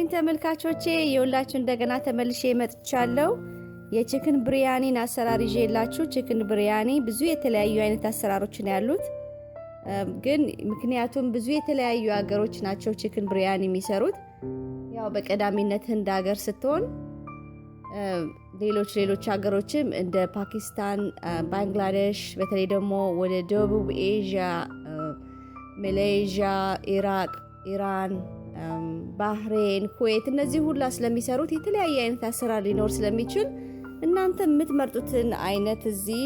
ይስጥልኝ ተመልካቾቼ፣ የሁላችሁ እንደገና ተመልሼ መጥቻለሁ። የችክን ብሪያኒን አሰራር ይዤላችሁ። ችክን ብሪያኒ ብዙ የተለያዩ አይነት አሰራሮች ነው ያሉት፣ ግን ምክንያቱም ብዙ የተለያዩ ሀገሮች ናቸው ችክን ብሪያኒ የሚሰሩት። ያው በቀዳሚነት ህንድ ሀገር ስትሆን ሌሎች ሌሎች ሀገሮችም እንደ ፓኪስታን፣ ባንግላዴሽ፣ በተለይ ደግሞ ወደ ደቡብ ኤዥያ፣ ማሌዥያ፣ ኢራቅ፣ ኢራን ባህሬን፣ ኩዌት እነዚህ ሁላ ስለሚሰሩት የተለያየ አይነት አሰራር ሊኖር ስለሚችል እናንተ የምትመርጡትን አይነት እዚህ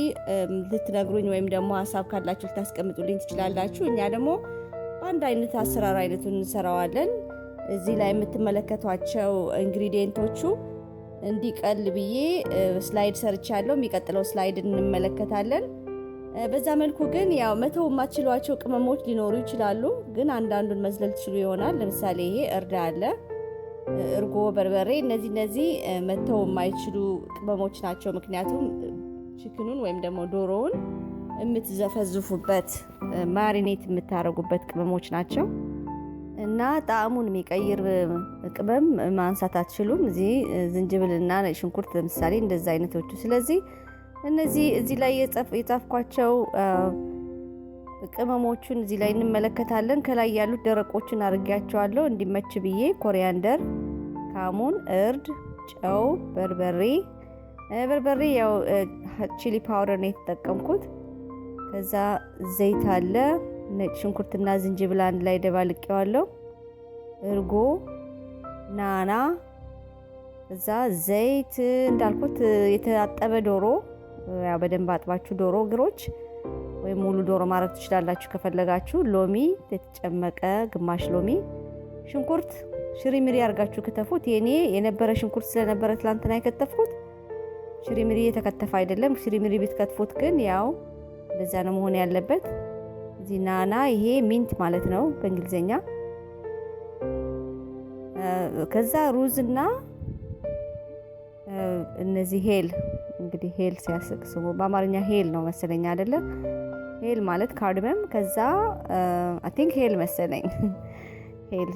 ልትነግሩኝ ወይም ደግሞ ሀሳብ ካላችሁ ልታስቀምጡልኝ ትችላላችሁ። እኛ ደግሞ በአንድ አይነት አሰራር አይነቱን እንሰራዋለን። እዚህ ላይ የምትመለከቷቸው ኢንግሪዲየንቶቹ እንዲቀል ብዬ ስላይድ ሰርቻለሁ። የሚቀጥለው ስላይድ እንመለከታለን። በዛ መልኩ ግን ያው መተው የማትችሏቸው ቅመሞች ሊኖሩ ይችላሉ። ግን አንዳንዱን መዝለል ትችሉ ይሆናል። ለምሳሌ ይሄ እርዳ አለ፣ እርጎ፣ በርበሬ፣ እነዚህ እነዚህ መተው የማይችሉ ቅመሞች ናቸው። ምክንያቱም ችክኑን ወይም ደግሞ ዶሮውን የምትዘፈዝፉበት ማሪኔት የምታደርጉበት ቅመሞች ናቸው እና ጣዕሙን የሚቀይር ቅመም ማንሳት አትችሉም። እዚህ ዝንጅብልና ሽንኩርት ለምሳሌ እንደዚ አይነቶቹ ስለዚህ እነዚህ እዚህ ላይ የጻፍኳቸው ቅመሞቹን እዚህ ላይ እንመለከታለን። ከላይ ያሉት ደረቆችን አድርጌያቸዋለሁ እንዲመች ብዬ ኮሪያንደር፣ ካሙን፣ እርድ፣ ጨው፣ በርበሬ በርበሬ ያው ቺሊ ፓውደር ነው የተጠቀምኩት። ከዛ ዘይት አለ፣ ነጭ ሽንኩርትና ዝንጅብል አንድ ላይ ደባልቄዋለሁ። እርጎ፣ ናና፣ እዛ ዘይት እንዳልኩት የተጣጠበ ዶሮ በደንብ አጥባችሁ ዶሮ እግሮች ወይም ሙሉ ዶሮ ማድረግ ትችላላችሁ ከፈለጋችሁ። ሎሚ የተጨመቀ ግማሽ ሎሚ፣ ሽንኩርት ሽሪምሪ አድርጋችሁ ክተፉት። የኔ የነበረ ሽንኩርት ስለነበረ ትላንትና የከተፍኩት ሽሪምሪ የተከተፈ አይደለም። ሽሪምሪ ብትከትፉት ግን ያው እንደዛ ነው መሆን ያለበት። እዚህ ናና፣ ይሄ ሚንት ማለት ነው በእንግሊዝኛ። ከዛ ሩዝ እና እነዚህ ሄል እንግዲህ ሄል ሲያስቅ ስሙ በአማርኛ ሄል ነው መሰለኝ አደለ ሄል ማለት ካርድመም ከዛ አይ ቲንክ ሄል መሰለኝ ሄል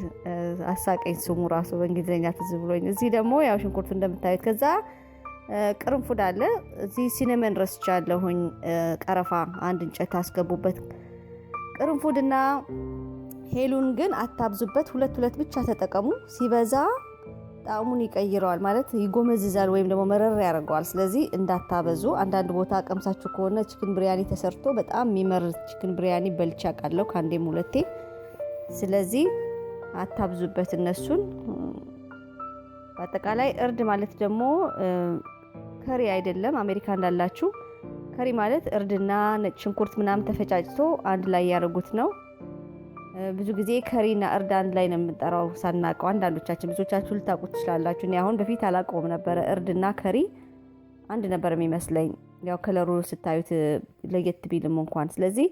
አሳቀኝ ስሙ ራሱ በእንግሊዝኛ ትዝ ብሎኝ። እዚህ ደግሞ ያው ሽንኩርቱ እንደምታዩት ከዛ ቅርንፉድ አለ እዚህ ሲነመን ረስቻለሁኝ። ቀረፋ አንድ እንጨት አስገቡበት። ቅርንፉድና ሄሉን ግን አታብዙበት፣ ሁለት ሁለት ብቻ ተጠቀሙ ሲበዛ ጣዕሙን ይቀይረዋል ማለት ይጎመዝዛል፣ ወይም ደግሞ መረር ያደርገዋል። ስለዚህ እንዳታበዙ። አንዳንድ ቦታ ቀምሳችሁ ከሆነ ችክን ብሪያኒ ተሰርቶ በጣም የሚመር ችክን ብሪያኒ በልቻ ቃለው ከአንዴም ሁለቴ። ስለዚህ አታብዙበት እነሱን። በአጠቃላይ እርድ ማለት ደግሞ ከሪ አይደለም። አሜሪካ እንዳላችሁ ከሪ ማለት እርድና ነጭ ሽንኩርት ምናምን ተፈጫጭቶ አንድ ላይ ያደርጉት ነው። ብዙ ጊዜ ከሪና እርድ አንድ ላይ ነው የምንጠራው ሳናቀው። አንዳንዶቻችን ብዙዎቻችሁ ልታውቁ ትችላላችሁ። እኔ አሁን በፊት አላውቀውም ነበረ። እርድና ከሪ አንድ ነበር የሚመስለኝ፣ ያው ከለሩ ስታዩት ለየት ቢልም እንኳን። ስለዚህ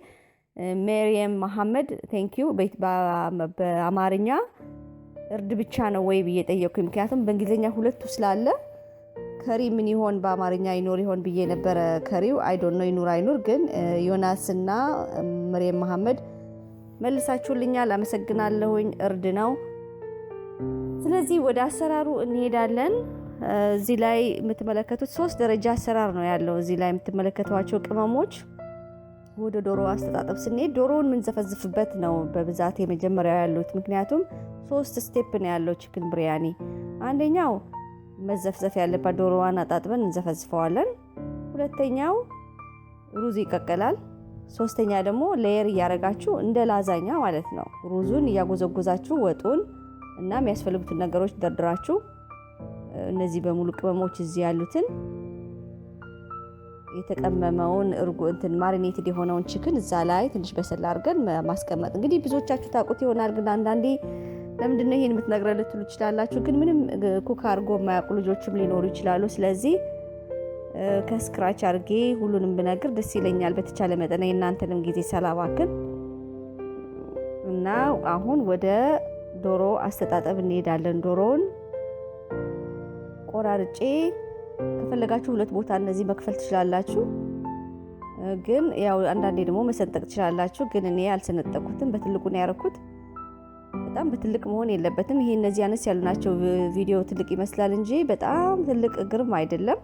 ሜሪየም መሐመድ ቴንኪዩ። በአማርኛ እርድ ብቻ ነው ወይ ብዬ ጠየቅኩኝ። ምክንያቱም በእንግሊዝኛ ሁለቱ ስላለ ከሪ ምን ይሆን በአማርኛ ይኖር ይሆን ብዬ ነበረ። ከሪው አይዶን ነው ይኑር አይኑር። ግን ዮናስና መሪየም መሐመድ መልሳችሁልኛል፣ አመሰግናለሁኝ። እርድ ነው። ስለዚህ ወደ አሰራሩ እንሄዳለን። እዚህ ላይ የምትመለከቱት ሶስት ደረጃ አሰራር ነው ያለው። እዚህ ላይ የምትመለከቷቸው ቅመሞች ወደ ዶሮ አስተጣጠብ ስንሄድ ዶሮውን የምንዘፈዝፍበት ነው በብዛት የመጀመሪያው ያሉት። ምክንያቱም ሶስት ስቴፕ ነው ያለው ችክን ብሪያኒ። አንደኛው መዘፍዘፍ ያለባት ዶሮዋን አጣጥበን እንዘፈዝፈዋለን። ሁለተኛው ሩዝ ይቀቀላል። ሶስተኛ ደግሞ ሌየር እያደረጋችሁ እንደ ላዛኛ ማለት ነው ሩዙን እያጎዘጎዛችሁ ወጡን እና የሚያስፈልጉትን ነገሮች ደርድራችሁ እነዚህ በሙሉ ቅመሞች እዚህ ያሉትን የተቀመመውን እርጎ እንትን ማሪኔትድ የሆነውን ችክን እዛ ላይ ትንሽ በሰላ አድርገን ማስቀመጥ። እንግዲህ ብዙዎቻችሁ ታውቁት ይሆናል፣ ግን አንዳንዴ ለምንድን ይህን የምትነግረን ልትሉ ይችላላችሁ። ግን ምንም ኩክ አድርጎ የማያውቁ ልጆችም ሊኖሩ ይችላሉ። ስለዚህ ከስክራች አድርጌ ሁሉንም ብነግር ደስ ይለኛል። በተቻለ መጠን የእናንተንም ጊዜ ሰላባክን እና አሁን ወደ ዶሮ አስተጣጠብ እንሄዳለን። ዶሮውን ቆራርጬ ከፈለጋችሁ ሁለት ቦታ እነዚህ መክፈል ትችላላችሁ። ግን ያው አንዳንዴ ደግሞ መሰንጠቅ ትችላላችሁ። ግን እኔ አልሰነጠኩትም፣ በትልቁ ነው ያደረኩት። በጣም በትልቅ መሆን የለበትም። ይሄ እነዚህ አነስ ያሉ ናቸው። ቪዲዮ ትልቅ ይመስላል እንጂ በጣም ትልቅ እግርም አይደለም።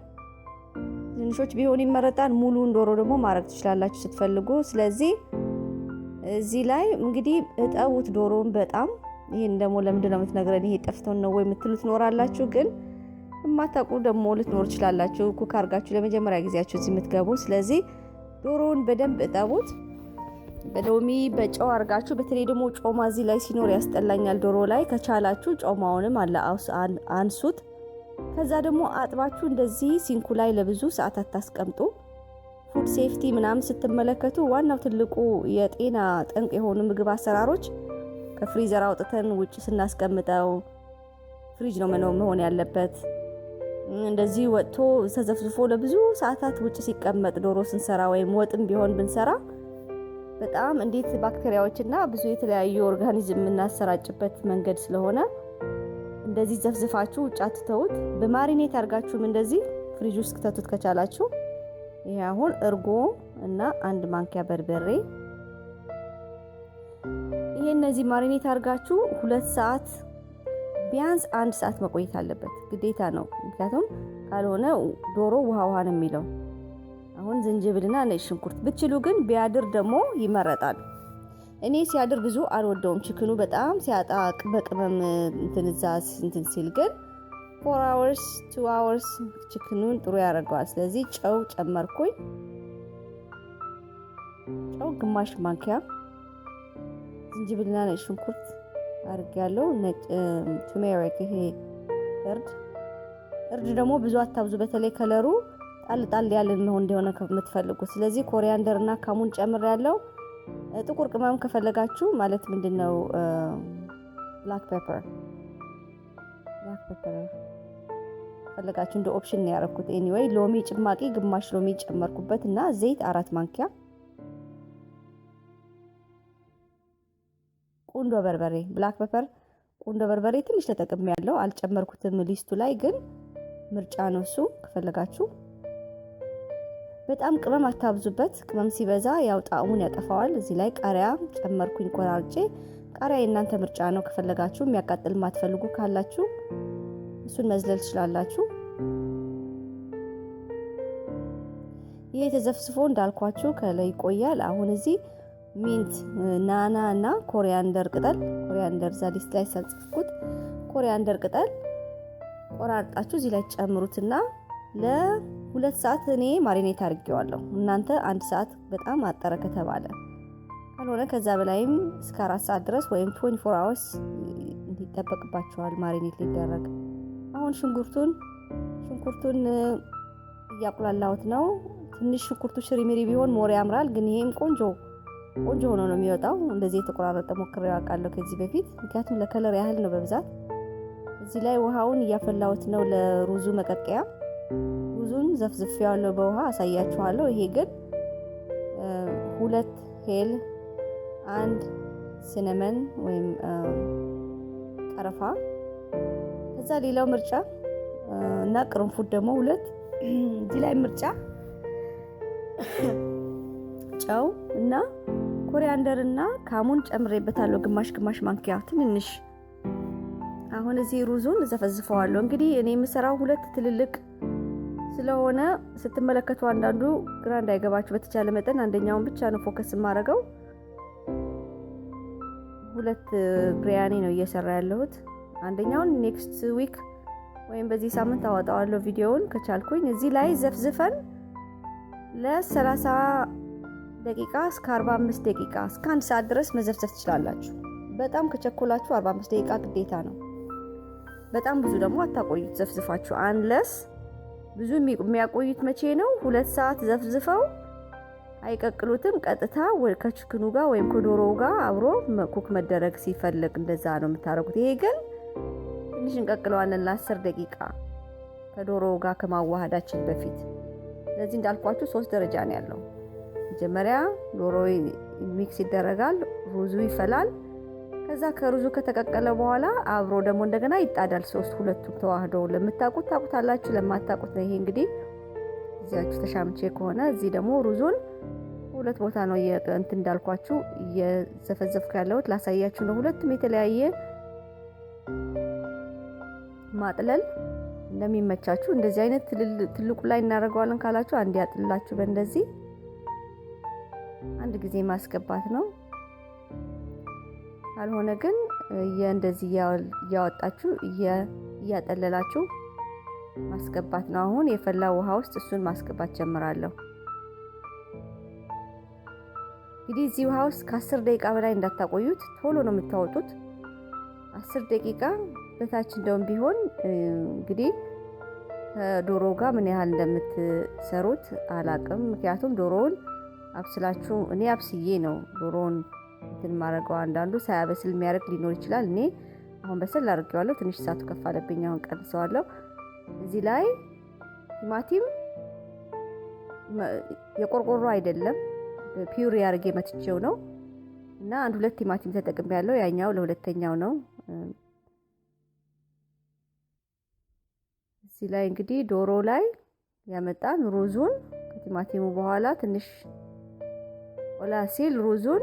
ትንሾች ቢሆን ይመረጣል። ሙሉን ዶሮ ደግሞ ማድረግ ትችላላችሁ ስትፈልጉ። ስለዚህ እዚህ ላይ እንግዲህ እጠቡት ዶሮን በጣም ይህን ደግሞ ለምንድን ነው የምትነግረን ይሄ ጠፍተውን ነው ወይ የምትሉ ትኖራላችሁ። ግን የማታውቁ ደግሞ ልትኖር ትችላላችሁ። ኩክ አርጋችሁ ለመጀመሪያ ጊዜያችሁ እዚህ የምትገቡ። ስለዚህ ዶሮውን በደንብ እጠቡት በሎሚ በጨው አርጋችሁ። በተለይ ደግሞ ጮማ እዚህ ላይ ሲኖር ያስጠላኛል ዶሮ ላይ። ከቻላችሁ ጮማውንም አለ አንሱት ከዛ ደግሞ አጥባችሁ እንደዚህ ሲንኩ ላይ ለብዙ ሰዓታት ታስቀምጡ። ፉድ ሴፍቲ ምናምን ስትመለከቱ ዋናው ትልቁ የጤና ጠንቅ የሆኑ ምግብ አሰራሮች ከፍሪዘር አውጥተን ውጭ ስናስቀምጠው ፍሪጅ ነው መኖር መሆን ያለበት። እንደዚህ ወጥቶ ተዘፍዝፎ ለብዙ ሰዓታት ውጭ ሲቀመጥ ዶሮ ስንሰራ ወይም ወጥም ቢሆን ብንሰራ በጣም እንዴት ባክቴሪያዎችና ብዙ የተለያዩ ኦርጋኒዝም የምናሰራጭበት መንገድ ስለሆነ እንደዚህ ዘፍዝፋችሁ ውጭ አትተውት። በማሪኔት አድርጋችሁም እንደዚህ ፍሪጅ ውስጥ ክተቱት ከቻላችሁ። ይሄ አሁን እርጎ እና አንድ ማንኪያ በርበሬ ይሄ እነዚህ ማሪኔት አድርጋችሁ ሁለት ሰዓት ቢያንስ አንድ ሰዓት መቆየት አለበት፣ ግዴታ ነው። ምክንያቱም ካልሆነ ዶሮ ውሃ ውሃ ነው የሚለው። አሁን ዝንጅብልና ነጭ ሽንኩርት ብችሉ ግን ቢያድር ደግሞ ይመረጣል። እኔ ሲያድር ብዙ አልወደውም። ችክኑ በጣም ሲያጣቅ በቅመም ትንዛ እንትን ሲል ግን ፎር አወርስ ቱ አወርስ ችክኑን ጥሩ ያደርገዋል። ስለዚህ ጨው ጨመርኩኝ። ጨው ግማሽ ማንኪያ፣ ዝንጅብልና ነጭ ሽንኩርት አድርጌያለሁ። ነጭ ቱሜሪክ ይሄ እርድ እርድ ደግሞ ብዙ አታብዙ። በተለይ ከለሩ ጣል ጣል ያለን እንደሆነ የምትፈልጉት ስለዚህ ኮሪያንደር እና ካሙን ጨምር ያለው ጥቁር ቅመም ከፈለጋችሁ ማለት ምንድን ነው ብላክ ፔፐር ብላክ ፔፐር ፈለጋችሁ እንደ ኦፕሽን ነው ያደረኩት። ኤኒዌይ ሎሚ ጭማቂ ግማሽ ሎሚ ጨመርኩበት እና ዘይት አራት ማንኪያ ቁንዶ በርበሬ ብላክ ፔፐር ቁንዶ በርበሬ ትንሽ ተጠቅሜ ያለው አልጨመርኩትም ሊስቱ ላይ ግን ምርጫ ነው እሱ ከፈለጋችሁ በጣም ቅመም አታብዙበት። ቅመም ሲበዛ ያው ጣዕሙን ያጠፋዋል። እዚህ ላይ ቃሪያ ጨመርኩኝ ቆራርጬ። ቃሪያ የእናንተ ምርጫ ነው። ከፈለጋችሁ የሚያቃጥል ማትፈልጉ ካላችሁ እሱን መዝለል ትችላላችሁ። ይህ የተዘፍስፎ እንዳልኳችሁ ከላይ ይቆያል። አሁን እዚህ ሚንት፣ ናና እና ኮሪያንደር ቅጠል ኮሪያንደር ዛሊስት ላይ ሳልጽፍኩት ኮሪያንደር ቅጠል ቆራርጣችሁ እዚህ ላይ ጨምሩትና ለ ሁለት ሰዓት እኔ ማሪኔት አድርጌዋለሁ። እናንተ አንድ ሰዓት በጣም አጠረ ከተባለ ካልሆነ ከዛ በላይም እስከ አራት ሰዓት ድረስ ወይም ቶኒ ፎር አወርስ እንዲጠበቅባቸዋል ማሪኔት ሊደረግ። አሁን ሽንኩርቱን ሽንኩርቱን እያቁላላሁት ነው። ትንሽ ሽንኩርቱ ሽሪሚሪ ቢሆን ሞር ያምራል፣ ግን ይሄም ቆንጆ ቆንጆ ሆኖ ነው የሚወጣው። እንደዚህ የተቆራረጠ ሞክሬ አውቃለሁ ከዚህ በፊት ምክንያቱም ለከለር ያህል ነው በብዛት። እዚህ ላይ ውሃውን እያፈላሁት ነው ለሩዙ መቀቀያ ዘፍዝፍ ያለው በውሃ አሳያችኋለሁ። ይሄ ግን ሁለት ሄል፣ አንድ ሲነመን ወይም ቀረፋ፣ ከዛ ሌላው ምርጫ እና ቅርንፉድ ደግሞ ሁለት። እዚህ ላይ ምርጫ ጨው እና ኮሪያንደር እና ካሙን ጨምሬበታለሁ። ግማሽ ግማሽ ማንኪያ ትንንሽ። አሁን እዚህ ሩዙን ዘፈዝፈዋለሁ። እንግዲህ እኔ የምሰራው ሁለት ትልልቅ ስለሆነ ስትመለከቱ አንዳንዱ ግራ እንዳይገባችሁ በተቻለ መጠን አንደኛውን ብቻ ነው ፎከስ የማደርገው። ሁለት ብሪያኒ ነው እየሰራ ያለሁት። አንደኛውን ኔክስት ዊክ ወይም በዚህ ሳምንት አወጣዋለሁ ቪዲዮውን ከቻልኩኝ። እዚህ ላይ ዘፍዝፈን ለ30 ደቂቃ እስከ 45 ደቂቃ እስከ አንድ ሰዓት ድረስ መዘፍዘፍ ትችላላችሁ። በጣም ከቸኮላችሁ 45 ደቂቃ ግዴታ ነው። በጣም ብዙ ደግሞ አታቆዩት ዘፍዝፋችሁ አንለስ ብዙ የሚያቆዩት መቼ ነው? ሁለት ሰዓት ዘፍዝፈው አይቀቅሉትም። ቀጥታ ከችክኑ ጋር ወይም ከዶሮው ጋር አብሮ ኩክ መደረግ ሲፈልግ እንደዛ ነው የምታደርጉት። ይሄ ግን ትንሽ እንቀቅለዋለን ለአስር ደቂቃ ከዶሮው ጋር ከማዋሃዳችን በፊት። ስለዚህ እንዳልኳችሁ ሶስት ደረጃ ነው ያለው። መጀመሪያ ዶሮ ሚክስ ይደረጋል፣ ሩዙ ይፈላል። ከዛ ከሩዙ ከተቀቀለ በኋላ አብሮ ደግሞ እንደገና ይጣዳል። ሶስት ሁለቱም ተዋህዶ ለምታውቁት ታውቁታላችሁ፣ ለማታውቁት ነው ይሄ እንግዲህ እዚያችሁ ተሻምቼ ከሆነ እዚህ ደግሞ ሩዙን ሁለት ቦታ ነው እንትን እንዳልኳችሁ እየዘፈዘፍኩ ያለሁት ላሳያችሁ ነው። ሁለቱም የተለያየ ማጥለል እንደሚመቻችሁ እንደዚህ አይነት ትልቁ ላይ እናደርገዋለን ካላችሁ አንድ ያጥልላችሁ በእንደዚህ አንድ ጊዜ ማስገባት ነው። ካልሆነ ግን እንደዚህ እያወጣችሁ እያጠለላችሁ ማስገባት ነው። አሁን የፈላ ውሃ ውስጥ እሱን ማስገባት ጀምራለሁ። እንግዲህ እዚህ ውሃ ውስጥ ከአስር ደቂቃ በላይ እንዳታቆዩት፣ ቶሎ ነው የምታወጡት። አስር ደቂቃ በታች እንደውም ቢሆን እንግዲህ ከዶሮ ጋር ምን ያህል እንደምትሰሩት አላቅም። ምክንያቱም ዶሮውን አብስላችሁ እኔ አብስዬ ነው ዶሮውን እንትን ማድረገው። አንዳንዱ ሳያበስል የሚያደርግ ሊኖር ይችላል። እኔ አሁን በስል አድርጌዋለሁ። ትንሽ እሳቱ ከፍ አለብኝ። አሁን ቀንሰዋለሁ። እዚህ ላይ ቲማቲም የቆርቆሮ አይደለም ፒውሪ አድርጌ መትቼው ነው እና አንድ ሁለት ቲማቲም ተጠቅም ያለው ያኛው ለሁለተኛው ነው። እዚህ ላይ እንግዲህ ዶሮ ላይ ያመጣን ሩዙን ከቲማቲሙ በኋላ ትንሽ ቆላ ሲል ሩዙን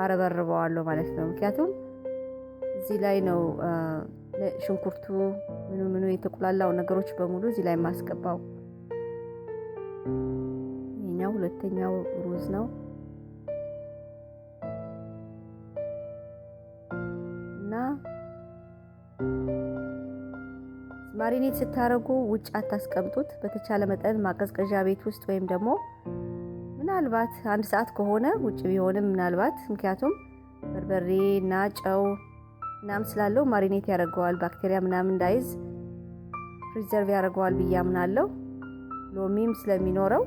አረበርበዋለሁ ማለት ነው። ምክንያቱም እዚህ ላይ ነው ሽንኩርቱ ምኑ ምኑ የተቁላላው ነገሮች በሙሉ እዚህ ላይ የማስገባው። ይኛው ሁለተኛው ሩዝ ነው እና ማሪኔት ስታደርጉ ውጭ አታስቀምጡት። በተቻለ መጠን ማቀዝቀዣ ቤት ውስጥ ወይም ደግሞ ምናልባት አንድ ሰዓት ከሆነ ውጭ ቢሆንም ምናልባት ምክንያቱም በርበሬ እና ጨው ምናምን ስላለው ማሪኔት ያደርገዋል ባክቴሪያ ምናምን እንዳይዝ ፕሪዘርቭ ያደርገዋል ብዬ አምናለሁ። ሎሚም ስለሚኖረው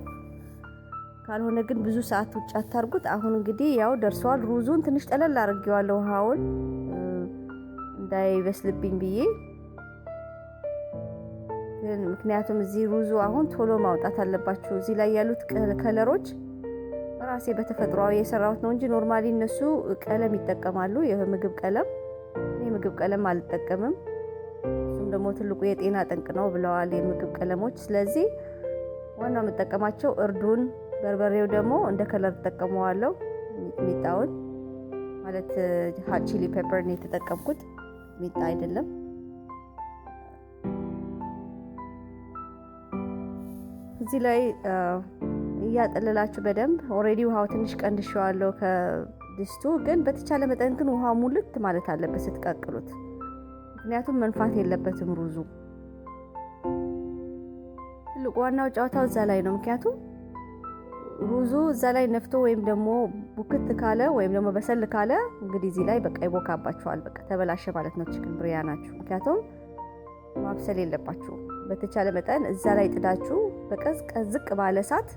ካልሆነ ግን ብዙ ሰዓት ውጭ አታርጉት። አሁን እንግዲህ ያው ደርሰዋል። ሩዙን ትንሽ ጠለል አድርጌዋለሁ ውሃውን እንዳይበስልብኝ ብዬ ግን ምክንያቱም እዚህ ሩዙ አሁን ቶሎ ማውጣት አለባችሁ። እዚህ ላይ ያሉት ከለሮች ራሴ በተፈጥሯዊ የሰራሁት ነው እንጂ ኖርማሊ እነሱ ቀለም ይጠቀማሉ፣ የምግብ ቀለም። እኔ ምግብ ቀለም አልጠቀምም። እሱም ደግሞ ትልቁ የጤና ጠንቅ ነው ብለዋል የምግብ ቀለሞች። ስለዚህ ዋናው የምጠቀማቸው እርዱን፣ በርበሬው ደግሞ እንደ ከለር ተጠቀመዋለሁ። ሚጣውን ማለት ሀት ቺሊ ፔፐር ነው የተጠቀምኩት፣ ሚጣ አይደለም። እዚህ ላይ እያጠለላችሁ በደንብ ኦልሬዲ ውሃው ትንሽ ቀንድሸዋለሁ ከድስቱ ግን በተቻለ መጠን ግን ውሃ ሙልት ማለት አለበት ስትቀቅሉት፣ ምክንያቱም መንፋት የለበትም ሩዙ። ትልቁ ዋናው ጨዋታው እዛ ላይ ነው። ምክንያቱም ሩዙ እዛ ላይ ነፍቶ ወይም ደግሞ ቡክት ካለ ወይም ደግሞ በሰል ካለ እንግዲህ እዚህ ላይ በቃ ይቦካባቸዋል በቃ ተበላሸ ማለት ነው ችክን ብሪያ ናችሁ። ምክንያቱም ማብሰል የለባችሁ በተቻለ መጠን እዛ ላይ ጥዳችሁ በቀዝቀዝ ዝቅ ባለ እሳት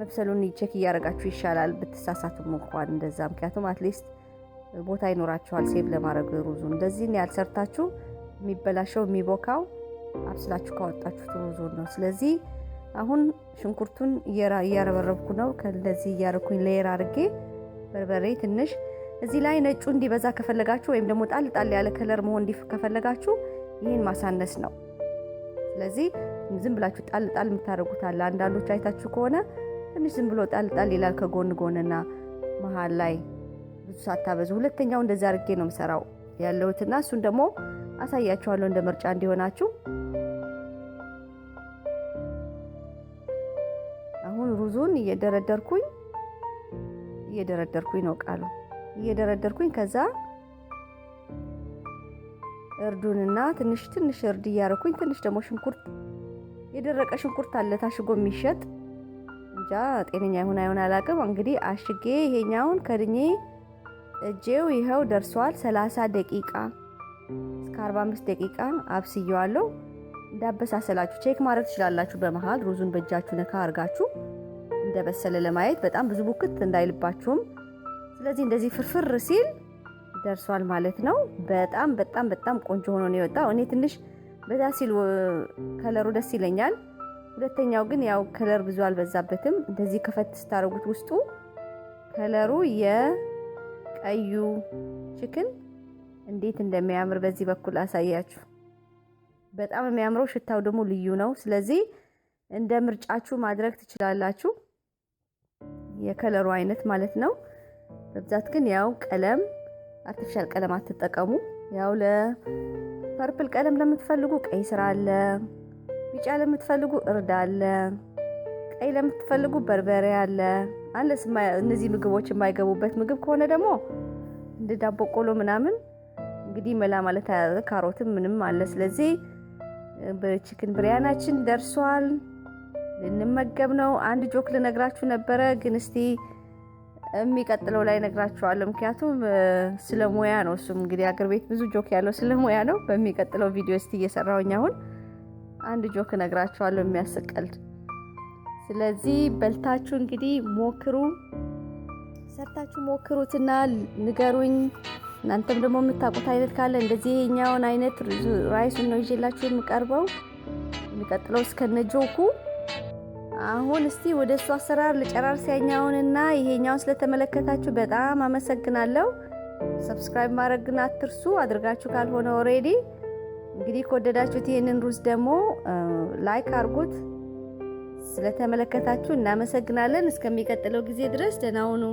መብሰሉን ቼክ እያደረጋችሁ ይሻላል ብትሳሳትም እንኳን እንደዛ። ምክንያቱም አትሊስት ቦታ ይኖራችኋል ሴቭ ለማድረግ ሩዙ። እንደዚህ ያልሰርታችሁ የሚበላሸው የሚቦካው አብስላችሁ ካወጣችሁት ሩዙን ነው። ስለዚህ አሁን ሽንኩርቱን እያረበረብኩ ነው። ከለዚህ እያረኩኝ ሌየር አድርጌ በርበሬ ትንሽ እዚህ ላይ ነጩ እንዲበዛ ከፈለጋችሁ ወይም ደግሞ ጣል ጣል ያለ ከለር መሆን እንዲህ ከፈለጋችሁ ይህን ማሳነስ ነው። ስለዚህ ዝም ብላችሁ ጣል ጣል የምታደርጉት አንዳንዶች አይታችሁ ከሆነ ትንሽ ዝም ብሎ ጣልጣል ይላል ከጎን ጎንና መሀል ላይ ብዙ ሳታበዙ። ሁለተኛው እንደዚ አድርጌ ነው የምሰራው ያለሁትና እሱን ደግሞ አሳያችኋለሁ እንደ ምርጫ እንዲሆናችሁ። አሁን ሩዙን እየደረደርኩኝ እየደረደርኩኝ ነው ቃሉ እየደረደርኩኝ ከዛ እርዱንና ትንሽ ትንሽ እርድ እያረኩኝ ትንሽ ደግሞ ሽንኩርት የደረቀ ሽንኩርት አለ ታሽጎ የሚሸጥ እንጃ ጤነኛ ይሆን አይሆን አላቅም። እንግዲህ አሽጌ ይሄኛውን ከድኜ እጄው ይኸው ደርሷል። 30 ደቂቃ እስከ 45 ደቂቃ አብስየዋለሁ። እንዳበሳሰላችሁ ቼክ ማድረግ ትችላላችሁ። በመሃል ሩዙን በእጃችሁ ነካ አርጋችሁ እንደበሰለ ለማየት በጣም ብዙ ቡክት እንዳይልባችሁም። ስለዚህ እንደዚህ ፍርፍር ሲል ደርሷል ማለት ነው። በጣም በጣም በጣም ቆንጆ ሆኖ ነው የወጣው። እኔ ትንሽ በዛ ሲል ከለሩ ደስ ይለኛል። ሁለተኛው ግን ያው ከለር ብዙ አልበዛበትም። እንደዚህ ከፈት ስታደርጉት ውስጡ ከለሩ የቀዩ ችክን እንዴት እንደሚያምር በዚህ በኩል አሳያችሁ። በጣም የሚያምረው ሽታው ደግሞ ልዩ ነው። ስለዚህ እንደ ምርጫችሁ ማድረግ ትችላላችሁ። የከለሩ አይነት ማለት ነው። በብዛት ግን ያው ቀለም አርቲፊሻል ቀለም አትጠቀሙ። ያው ለፐርፕል ቀለም ለምትፈልጉ ቀይ ስራ አለ ቢጫ ለምትፈልጉ እርድ አለ፣ ቀይ ለምትፈልጉ በርበሬ አለ። አንለስ እነዚህ ምግቦች የማይገቡበት ምግብ ከሆነ ደግሞ እንደ ዳቦ ቆሎ ምናምን እንግዲህ መላ ማለት ካሮትም ምንም አለ። ስለዚህ በቺክን ብሪያናችን ደርሷል፣ ልንመገብ ነው። አንድ ጆክ ልነግራችሁ ነበረ፣ ግን እስቲ የሚቀጥለው ላይ ነግራችኋለሁ። ምክንያቱም ስለ ሙያ ነው እሱም እንግዲህ አገር ቤት ብዙ ጆክ ያለው ስለ ሙያ ነው። በሚቀጥለው ቪዲዮ እስቲ እየሰራውኝ አሁን አንድ ጆክ እነግራችኋለሁ የሚያስቀልድ። ስለዚህ በልታችሁ እንግዲህ ሞክሩ፣ ሰርታችሁ ሞክሩትና ንገሩኝ። እናንተም ደግሞ የምታውቁት አይነት ካለ እንደዚህ የኛውን አይነት ራይሱን ነው ይዤላችሁ የምቀርበው የሚቀጥለው እስከነ ጆኩ። አሁን እስቲ ወደ እሱ አሰራር ልጨራር ሲያኛውንና ይሄኛውን ስለተመለከታችሁ በጣም አመሰግናለሁ። ሰብስክራይብ ማድረግን አትርሱ አድርጋችሁ ካልሆነ ኦሬዲ እንግዲህ ከወደዳችሁት ይህንን ሩዝ ደግሞ ላይክ አርጉት። ስለተመለከታችሁ እናመሰግናለን። እስከሚቀጥለው ጊዜ ድረስ ደህና ሁኑ።